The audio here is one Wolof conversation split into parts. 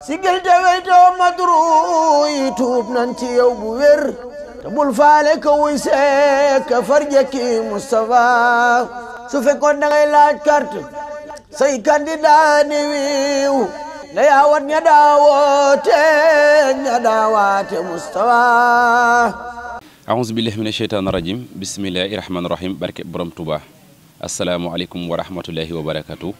sigil te weytoo madru yi tuub nan bu wér te bul faale ka wuy see ka farjekki Moustapha su fekkoon da ngay laaj carte say candidat ni wiiw na yaawat ña daawoote ña daawaate Moustapha aousubillahi min asheytaan rajim bismillahi rahmaani rahim barke borom Tuuba asalaamualeykum wa rahmatullahi wa barakatu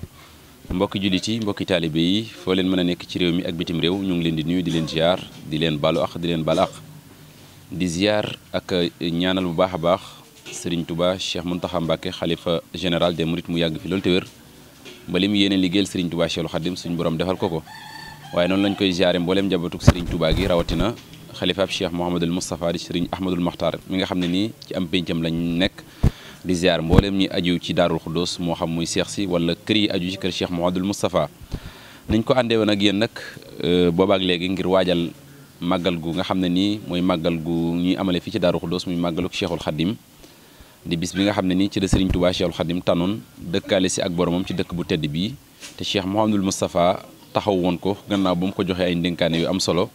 mbokk jullit yi mbokki taalibe yi fo leen mën nek ci réew mi ak bitim réew ñu ngi leen di nuyu di leen ziar di leen balu ak di leen baal ak di ziar ak ñaanal bu baaxa baax Serigne Touba Cheikh Mountakha mbake khalifa général des mourid mu yàgg fi loolu te wér ba lim yene yéene Serigne Touba cheikh Khadim suñu borom defal ko ko waaye lañ koy ziare mbolem jabatuk Serigne Touba gi rawatina khalifa Cheikh Mouhamadul mustafa di Serigne Ahmadul Makhtar mi nga xam ni ci am péncam lañ nek di ziar mboolem ñi aju ci darul xuddoos mo xam muy cheikh si wala kri aju ci kër Cheikh Mouhamadoul mustafa niñ ko andé won ak yéen nak nag ak legi ngir wajal magal gu nga xamne ni moy magal gu ñi amale fi ci darul xuddoos muy màggaluk Cheikhul khadim di bis bi nga xamne ni ci la Serigne Touba Cheikhul khadim tanun dekkale ci ak boromam ci dëkk bu tedd bi te Cheikh Mouhamadoul mustafa taxaw won ko gannaaw bu mu ko joxe ay ndénkaane yu am solo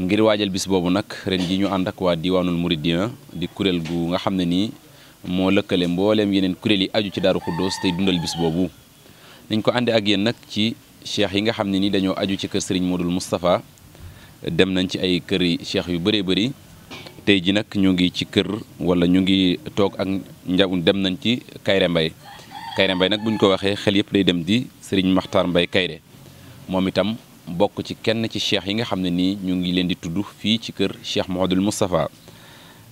ngir wajal bis bobu nak ren gi ñu ànd ak waa diwaanul muridina di kurel gu nga xamne ni moo lëkkale mbooleem yeneen kuréel yi aju ci Daaru Xuddoos tey dundal bis boobu nañ ko àndee ak yéen nag ci cheikh yi nga xam ne nii dañoo aju ci kër Serigne Modou Moustapha dem nañ ci ay kër yi cheikh yu bëree bëri tey ji nag ñu ngi ci kër wala ñu ngi toog ak njawum dem nañ ci Kayre Mbay Kayre Mbay nag buñ ko waxee xel yëpp day dem di Serigne Maxtaar Mbay Kayre moom itam bokk ci kenn ci cheikh yi nga xam ne nii ñu ngi leen di tudd fii ci kër cheikh Modou Moustapha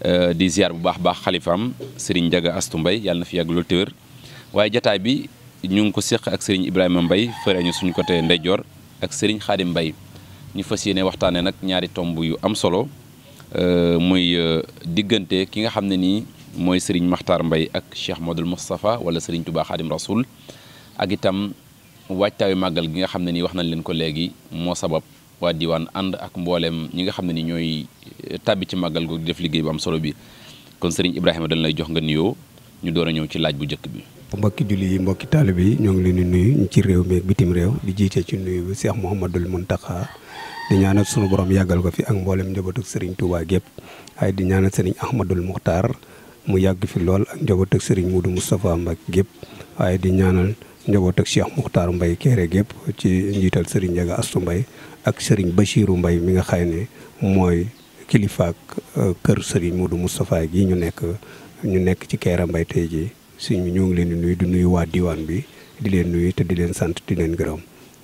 Euh, di ziar bu baax baax xalifaam Serigne Ndiaga astu Mbaye yàlla na fi yàgg loolu te waaye jataay bi ñu ngi ko séq ak Serigne Ibrahima mbay fëre ñu suñu côté ndeyjoor ak sëriñ Khadim mbay ñu fas yéene waxtaanee nag ñaari tomb yu am solo euh, muy euh, diggante ki nga xam ne nii mooy sëriñ Makhtar mbay ak Cheikh Modou Moustapha wala Serigne Touba Khadim Rasoul ak itam waajtaayu màggal gi nga xam ne nii wax nañ leen ko léegi moo sabab. waa diwaan ànd ak mbooleem ñi nga xam ne ni ñooy eh, tàbbi ci màggal googu def liggéey bu am solo bi kon sëriñ Ibrahima dañ lay jox nga nuyoo ñu door a ñëw ci laaj bu njëkk bi. mbokki julli yi mbokki taalibe yi ñoo ngi leen di nuyu ci réew mi ak bitim réew di jiitee ci nuyu bi Cheikh Mouhamadul Mountakha di ñaana sunu borom yàggal ko fi ak mboolem njabootu sëriñ Touba gépp waaye di ñaanal sëriñ Ahmadul Muxtaar mu yàgg fi lool ak njaboot ak Serigne Modou Moustapha Mbacke gépp waaye di ñaanal njaboot ak Cheikh Moukhtar mbay Kéré gépp ci njiital Serigne Ndiaga Astou mbay ak Serigne Bachirou mbay mi nga xay ne mooy kilifaak euh, kër Serigne Modou Moustapha gi ñu nekk ñu nekk ci Kéré mbay tey ji suñu ñoo ngi leen di nuy di nuyu waa diwaan bi di leen nuyu te di leen sant di leen gërëm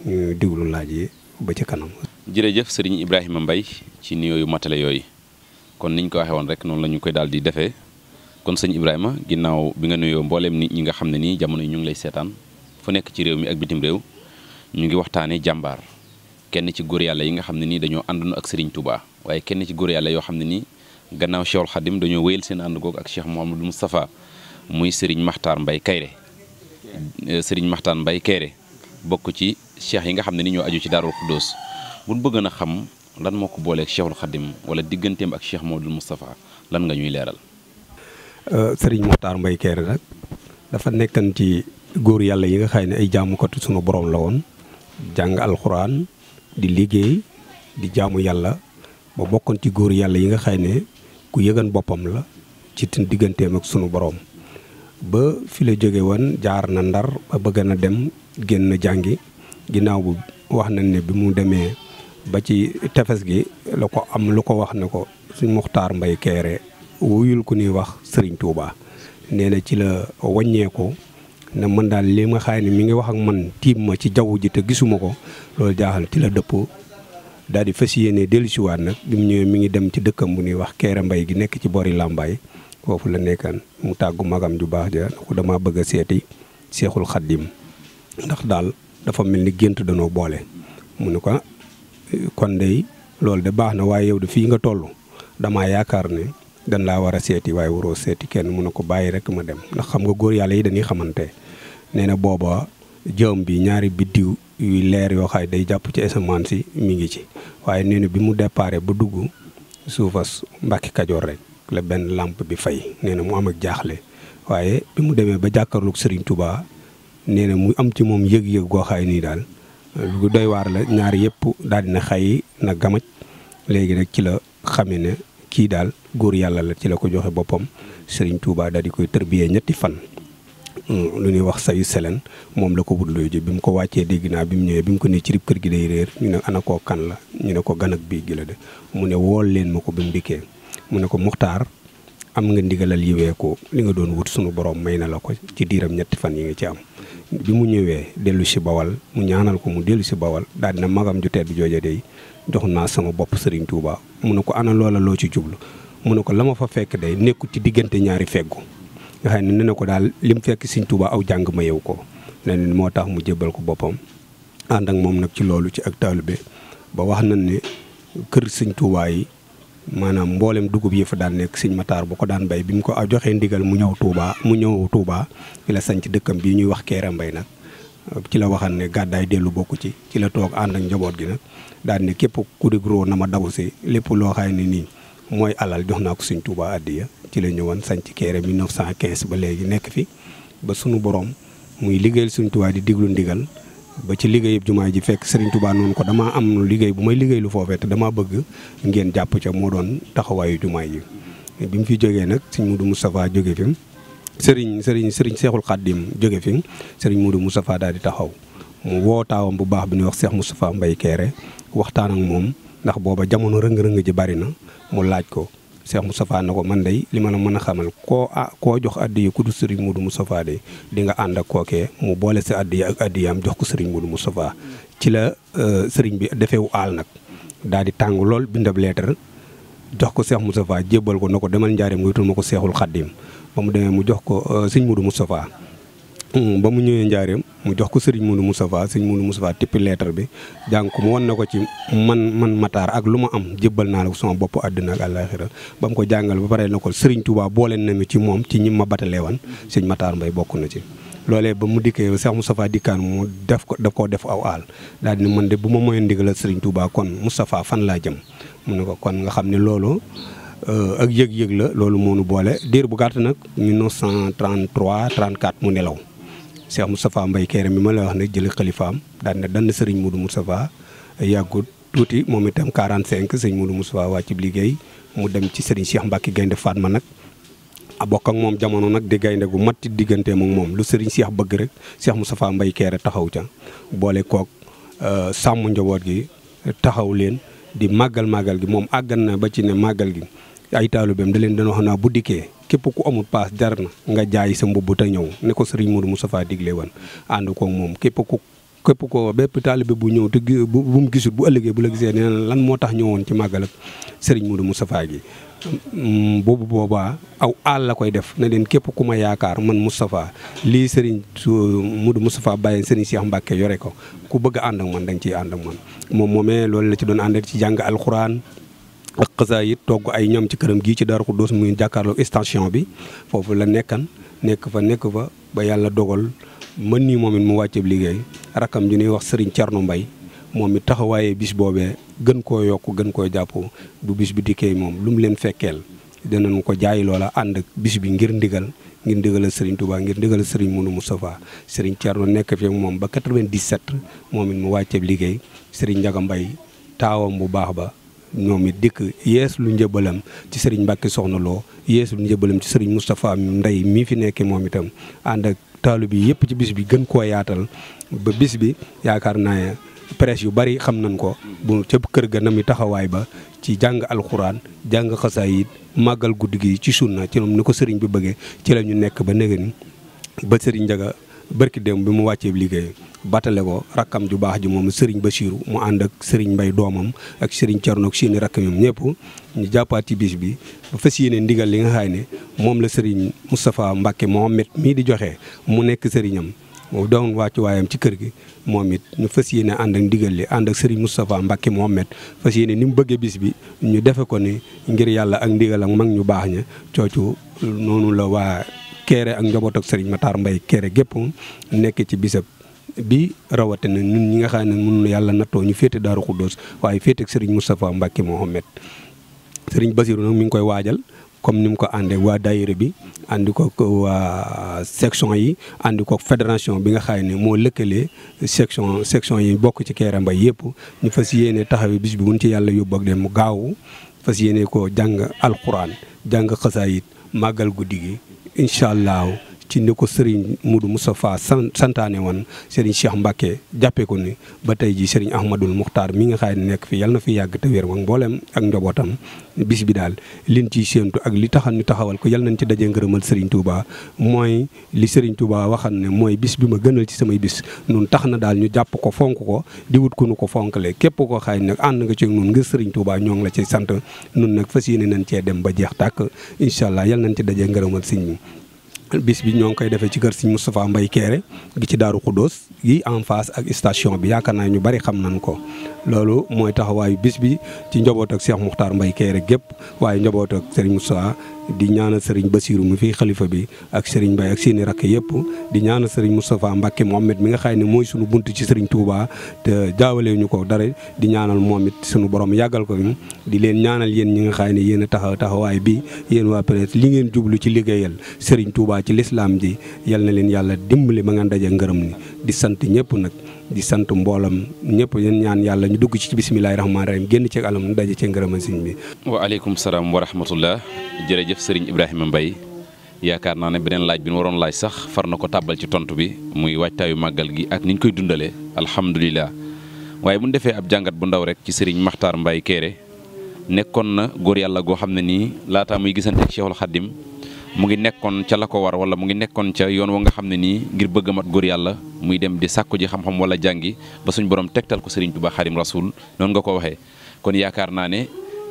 ñu diglu laaj yi ba ci kanam. jërëjëf Serigne Ibrahima mbay ci nuyoo yu matale yooyu kon niñ ko waxe woon rek noonu la ñu koy daal di defee. kon sëñ Ibrahima ginnaaw bi nga nuyoo mbooleem nit ñi nga xam ne nii jamono yi ñu ngi lay seetaan fu nekk ci réew mi ak bitim réew ñu ngi waxtaanee jàmbaar kenn ci góor yàlla yi nga xam ne nii dañoo àndoon ak Serigne Touba waaye kenn ci góor yàlla yoo xam ne nii gannaaw Cheikhul Khadim dañoo wéyal seen ànd googu ak Cheikh Mouhamadou Moustapha muy Serigne Makhtar mbay Kayré euh, Serigne Makhtar mbay Kayré bokk ci cheikh yi nga xam ne ni ñoo aju ci Daarul Xuddoos buñ bëgg na xam lan moo ko booleeg Cheikhul Khadim wala digganteem ak Cheikh Mouhamadou Moustapha lan nga ñuy leeral Euh, Serigne Mokhtar mbay Kéré nag dafa nekkan ci góor yàlla yi nga xam ne ay jaamukatu sunu boroom la woon jàng alxuraan di liggéey di jaamu yàlla ba bokkoon ci góor yàlla yi nga xay ne ku yëgan boppam la ci digganteem ak sunu boroom ba fi la jóge woon jaar na ndar ba bëgg na dem génn jàngi ginnaaw bu wax nañ ne bi mu demee ba ci tefes gi la ko am lu ko wax ne ko suñ Mokhtar mbay Kéré wuyul ku ñuy wax serigne touba neena ci la ko na man dal li nga xaay mi ngi wax ak man tim ma ci jawu ji te gisuma ko jaaxal ci la depp dal di fas yéene dellusiwaat nag bi mu mi ngi dem ci dekkam bu ñuy wax keera mbay gi nek ci bori lambay fofu la nekkan mu taggu magam ju baax ja ko dama bëgg a cheikhul khadim ndax dal dafa melni ni gént danoo boole mu ko ah, kon day de baax na yow de fi nga tollu dama ne dañ laa war a seeti waaye waroo seeti kenn mun na ko bàyyi rek ma dem ndax xam nga góor yàlla yi dañuy xamante nee na booba jëm bi ñaari biddiw yuy leer yoo xay day jàpp ci asamaan si mi ngi ci waaye nee bi mu déparé ba dugg suufas Mbàkke Kajoor rek la benn làmp bi fay nee na mu am ak jaaxle waaye bi mu demee ba jàkkaarloog Serigne Touba nee na mu am ci moom yëg-yëg goo xay nii daal lu doy waar la ñaari yëpp daal dina xay na gamaj léegi rek ci la xamee ne ki dal gor yalla la ci lako joxe bopam Serigne Touba dal di koy tërbiyee ñetti fan. Hmm, lu ni wax sayu selen mom la ko wut looy bim bi ko wacce dégg naa bi mu ko ne ci rib kër gi day reer ñu ne anako kan la ñu ne ko ganak bi gi la de mu ne wol leen mako ko bi mu ne ko muxtar am nga ndigalal ko li nga doon wut suñu borom may na ci diiram ñetti fan yi nga ci am bi mu ñëwee dellu bawal mu ñaanal ko mu delu si bawal dal na magam ju tedd jooja day doxon na sama bop Serigne Touba mu ko ana lola loo ci djublu mu lama ko fa fekk day nekku ci diggante ñaari feggu nga xam ne nee na ko daal lim fekk Serigne Touba aw jang ma yew ko leneen motax mu jébbal ko bopam and ak mom nak ci lolu ci ak talibé ba wax nañ ne kër Serigne Touba yi manam mboolem dugub yi fa daan nekk Matar bu ko daan bay bi ko joxee ndigal mu ñew Touba mu ñew Touba ila sañ ci dëkkam bi ñuy wax Mbay nak ci la waxan ne gàddaay dellu bokk ci ci la toog ànd ak njaboot gi nag daal ne képp ku di gros na ma daw si lépp loo xaay ni nii mooy alal jox naa ko suñ Touba addiya ci la ñëwoon sanc Kéré 1915 ba léegi nekk fi ba sunu borom muy liggéeyal suñ Touba di diglu ndigal ba ci liggéeyub jumaa ji fekk Serigne Touba noonu ko dama am liggéey bu may liggéey lu foofee te damaa bëgg ngeen jàpp ca moo doon taxawaayu jumaa yi bi mu fi jógee nag suñ Moudou Moustapha jóge fi sëriñ sëriñ sëriñ seexul xaddim jóge fi sëriñ Modou Moustapha daal di taxaw mu woo taawam bu baax bi ñuy wax Seex Moustapha mbay Kéré waxtaan ak moom ndax booba jamono rëng-rëng ji bari na mu laaj ko Seex Moustapha na ko man dey li ma la mën a xamal koo ah koo jox addiya ku du sëriñ Modou Moustapha de di nga ànd ak kookee mu boole si addiya ak addiyaam jox ko sëriñ Modou Moustapha ci la euh, sëriñ bi defeewu aal nag daal di tàng lool bindab leetar jox ko Cheikh Moustapha jébbal ko na ko demal njaareem nga wutul ma ko Seexul Xaddim ba mu demee mu jox ko euh, sëñ Moudou Moustapha hmm, ba mu ñëwee njaareem mu jox ko sëriñ Moudou Moustapha sëñ Moudou Moustapha tippi lettre bi jàng ko mu wan na ko ci man man mataar ak lu ma am jébbal naa la suma bopp àddina ak àllaaxira ba mu ko jàngal ba pare na ko sëriñ Touba booleen na mi ci moom ci ñi ma batalee wan sëñ mataar mbay bokk na ci loole ba mu dikkee Cheikh Moustapha dikkaan mu def ko daf koo def aw aal daal di ne man de bu ma mooy ndigalal Serigne Touba kon Moustapha fan laa jëm mu ne ko kon nga xam ne loolu euh, ak yëg-yëg la loolu moo nu boole diir bu gàtt nag 1933 34 mu nelaw Cheikh Moustapha Mbaye mi ma la wax ne jëlee xalifaam daal ne dann Serigne Modou Moustapha yàggut tuuti moom itam 45 Serigne Modou waa wàcc ci liggéey mu dem ci Serigne Cheikh Mbacke Gaynde ma nag. a bokk ak moom jamono nag di gaynde gu matti digganteem ak moom lu sëriñ seex bëgg rek Cheikh Moustapha Mbaye Kéré taxaw ca boole kook euh, sàmm njaboot gi taxaw leen di màggal màggal gi moom àggan na ba ci ne màggal gi ay taalibeem da leen dana wax naa bu dikkee képp ku amul paas jar na nga jaay sa mbubb te ñëw ne ko sëriñ Modou Moustapha digle wan ànd koog moom képp ku képp ko bépp taalibe bu ñëw te bu bu mu gisul bu ëllëgee bu la gisee nee na lan moo tax ñëwoon ci màggal sëriñ Modou Moustapha gi Mm, boobu boobaa aw aal la koy def na leen képp ku ma yaakaar man Moustapha lii su Serigne Modou Moustapha Baye Serigne Cheikh Mbacke yore ko ku bëgg ànd ak man dañ nga ànd ak man moom moomee loolu la ci doon àndal ci jàng alxuraan ak xasaayit togg ay ñoom ci këram gii ci ko Khoudoss muy jàkkaarloo station bi foofu la nekkan nekk fa nekk fa ba yàlla dogal mën nii moom it mu wàcceeb liggéey rakam ju ñuy wax Serigne Thierno Mbaye momi it taxawaaye bis bobé gën ko yokk gën ko jappu bu bis bi diké mom lum mu leen fekkeel dinañ ko jaay lola and bis bi ngir ndigal ngir ndigal Serigne Touba ngir ndigal Serigne Mounou Moustapha Serigne tiarou nek fi mom ba 97 moom mu wàcceeb liggéey Serigne Ndiaga Mbaye taawam bu baax ba ñomi dik yes lu ñeubalam ci Serigne Mbacke Soxna Lo Yes lu ñeubalam ci Serigne Moustapha ndey mi fi nekk mom itam and ak taalu bi ci bis bi gën ko yaatal ba bis bi yaakar naaya presse yu bari xam nañ ko bu ca kër ga na mi taxawaay ba ci jàng alxuraan jàng xasaayid màggal guddi gi ci sunna ci ñoom ni ko sëriñ bi bëggee ci la ñu nekk ba néega ni ba sëriñ Njaga barki démb bi mu wàccee liggéey batale ko rakkam ju baax ji moom sëriñ ba siiru mu ànd ak sëriñ Mbay doomam ak sëriñ Cerno ak seeni rakk ñoom ñëpp ñu jàppaat ci bis bi fas yéene ndigal li nga xaay ne moom la sëriñ Moustapha Mbacke Mohamed mii di joxe mu nekk sëriñam donc doon waayam ci kër gi moom it ñu fas ne ànd ak ndigal li ànd ak Serigne Moustapha Mbacke Mohamed fas yéene ni mu bëggee bis bi ñu defe ko ni ngir yàlla ak ndigal ak mag ñu baax ña coocu noonu la waa Kéré ak njaboot ak Serigne Matar Mbaye Kéré gépp nekk ci bisab bi rawate rawatina ñun ñu nga xam ne mënul yàlla nattoo ñu féete Daaru Xuddoos waaye féete ak Serigne Moustapha Mbacke Mohamed Serigne Basirou nag mi ngi koy waajal comme ni mu ko àndee waa daayira bi ànd ko waa section yi ànd ko fédération bi nga xam ni moo lëkkalee section section yi bokk ci Kéré Mbaye yëpp ñu fas yéene taxawee bis bi buñ ci yàlla yóbbu ak dem mu gaaw fas yéene ko jàng alxuraan jàng xasaayit màggal guddi gi incha allah. ci ni ko Serigne Modou Moustapha santaane woon Serigne Cheikh Mbacke jàppee ko ni ba tey ji Serigne Ahmadul Muxtaar mi nga xaay nekk fi yàlla na fi yàgg te wér ak mboolem ak njabootam bis bi daal liñ ciy séentu ak li taxal ni taxawal ko yàlla nañ ci dajee ngërëmal Serigne Touba mooy li Serigne Touba waxan ne mooy bis bi ma gënal ci samay bis nun tax na daal ñu jàpp ko fonk ko di wut ku nu ko fonkale képp koo xaay nag ànd nga ci nun ngir Serigne Touba ñoo ngi la ci sant nun nag fas yéene nañ cee dem ba jeex tàkk incha allah yàlla nañ ci dajee ngërëmal Serigne bis bi ñoo ngi koy defee ci kër Serigne Moustapha Mbaye Kéré gi ci Daaru Xuddoos gi en face ak station bi yaakaar naa ñu bari xam nañ ko loolu mooy taxawaayu bis bi ci njaboot ak Cheikh Moukhtar Mbaye Kéré gépp waaye njaboot ak Serigne Moustapha di ñaanal sëriñ Basiiru mu fi xalifa bi ak sëriñ ba ak seeni rakk yëpp di ñaanal sëriñ Moustapha Mbacke Mohamed mi nga xam ne mooy sunu bunt ci sëriñ Touba te jaawale ñu ko dara di ñaanal moom it sunu borom yàggal ko ni di leen ñaanal yéen ñi nga xam ne yéen taxaw taxawaay bi yéen waa presse li ngeen jublu ci liggéeyal sëriñ Touba ci lislaam ji yal na leen yàlla dimbali ba nga ndaje ngërëm ni di sant ñëpp nag di sant mboolam ñëpp yéen ñaan yàlla ñu dugg ci bisimilahi rahmaani rahim génn ci alam nu daje ci ngërëma sëñ bi waaleykum salaam wa rahmatullah jërëjëf sëriñ Ibrahima mbay yaakaar naa ne beneen laaj bi nu waroon laaj sax far na ko tàbbal ci tont bi muy waajtaayu màggal gi ak niñ koy dundalee alhamdulilah waaye bu ñu defee ab jàngat bu ndaw rek ci sëriñ Maxtaar mbay Kéré nekkoon na góor yàlla goo xam ne nii laataa muy gisante ak Cheikhul Xaddim mu ngi nekkoon ca la ko war wala mu ngi nekkoon ca yoon wa nga xam ne nii ngir bëgg mat góor yàlla muy dem di sàkku ji xam-xam wala jàngi ba suñ borom tegtal ko Serigne Touba Xadim Rasul noonu nga ko waxee kon yaakaar naa ne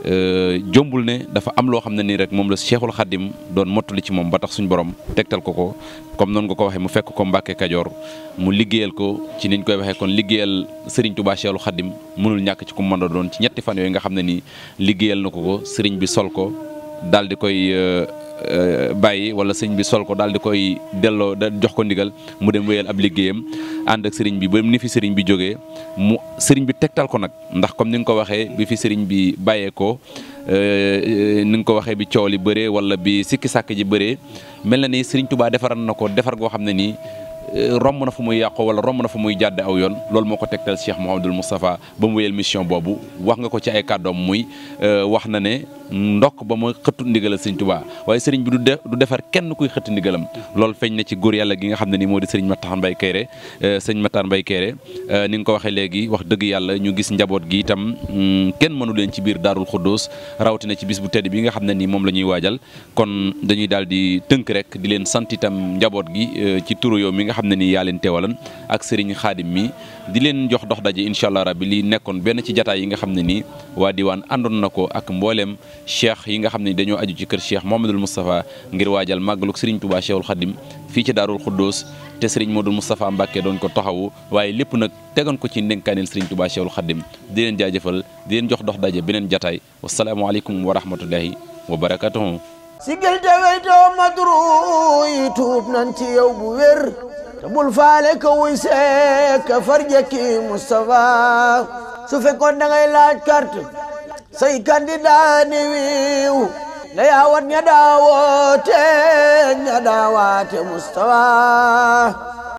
euh, jombul ne dafa am loo xam ne nii rek moom la Cheikhul Khadim doon mottali ci moom ba tax suñ borom tegtal ko ko comme noonu nga ko waxee mu fekk ko Mbàkke Kajoor mu liggéeyal ko ci niñ koy waxee kon liggéeyal Serigne Touba Cheikhul Khadim mënul ñàkk ci ku mën a doon ci ñetti fan yooyu nga xam ne nii liggéeyal na ko ko Serigne bi sol ko daal di koy euh, euh, bàyyi wala sëñ bi sol ko daal di koy delloo da jox ko ndigal mu dem wéyal ab liggéeyam ànd ak sëriñ bi ba ni fi sëriñ bi jógee mu sëriñ bi tegtal ko nag ndax comme ni nga ko waxee bi fi sëriñ bi bàyyeekoo euh, ni nga ko waxee bi coow li bëree wala bi sikki sàkk ji bëree mel na ni sëriñ tubaa defaral na ko defar goo xam ne nii. Euh, romb na fu muy yàqoo wala romb na fa muy jàdd aw yoon loolu moo ko tegtal Cheikh Mouhamadul Moustapha ba mu wéyal mission boobu wax nga ko ci ay kàddoom muy euh, wax na ne ndokk ba ma xëttu ndigalal sëñ Tuubaa waaye sëriñ bi du def du defar kenn kuy xëtt ndigalam loolu feeñ na ci góor yàlla gi nga xam ne ni moo di sëriñ Matar Mbaye Kéré euh, sëñ Matar Mbaye ni nga ko waxee léegi wax dëgg yàlla ñu gis njaboot gi mm, kenn mënu leen ci biir Daarul Xuddoos rawatina ci bis bu tedd bi nga xam ne ni moom la ñuy waajal kon dañuy daal di tënk rek di leen sant itam njaboot gi ci turu yow mi nga nga xam ne nii yaa leen teewalan ak sëriñ xaadim mi di leen jox dox daje incha allah rabbi lii nekkoon benn ci jataay yi nga xam ne nii waa diwaan àndoon na ko ak mbooleem cheikh yi nga xam ne dañoo aju ci kër cheikh Mouhamadoul Moustapha ngir waajal màggaluk sëriñ Touba Cheikhul Xadim fii ci Daarul Xuddoos te sëriñ Modou Moustapha Mbacke doon ko taxawu waaye lépp nag tegoon ko ci ndénkaaneel sëriñ Touba Cheikhul Xadim di leen jaajëfal di leen jox dox daje beneen jataay wasalaamualeykum wa rahmatullahi wa barakatuhu sigil te weytoo madru yi te bul faale ko wuy seek farje ki Moustapha su fekkoon da ngay laaj carte say candidat na yaa wat ña daawoote ña daawaate Moustapha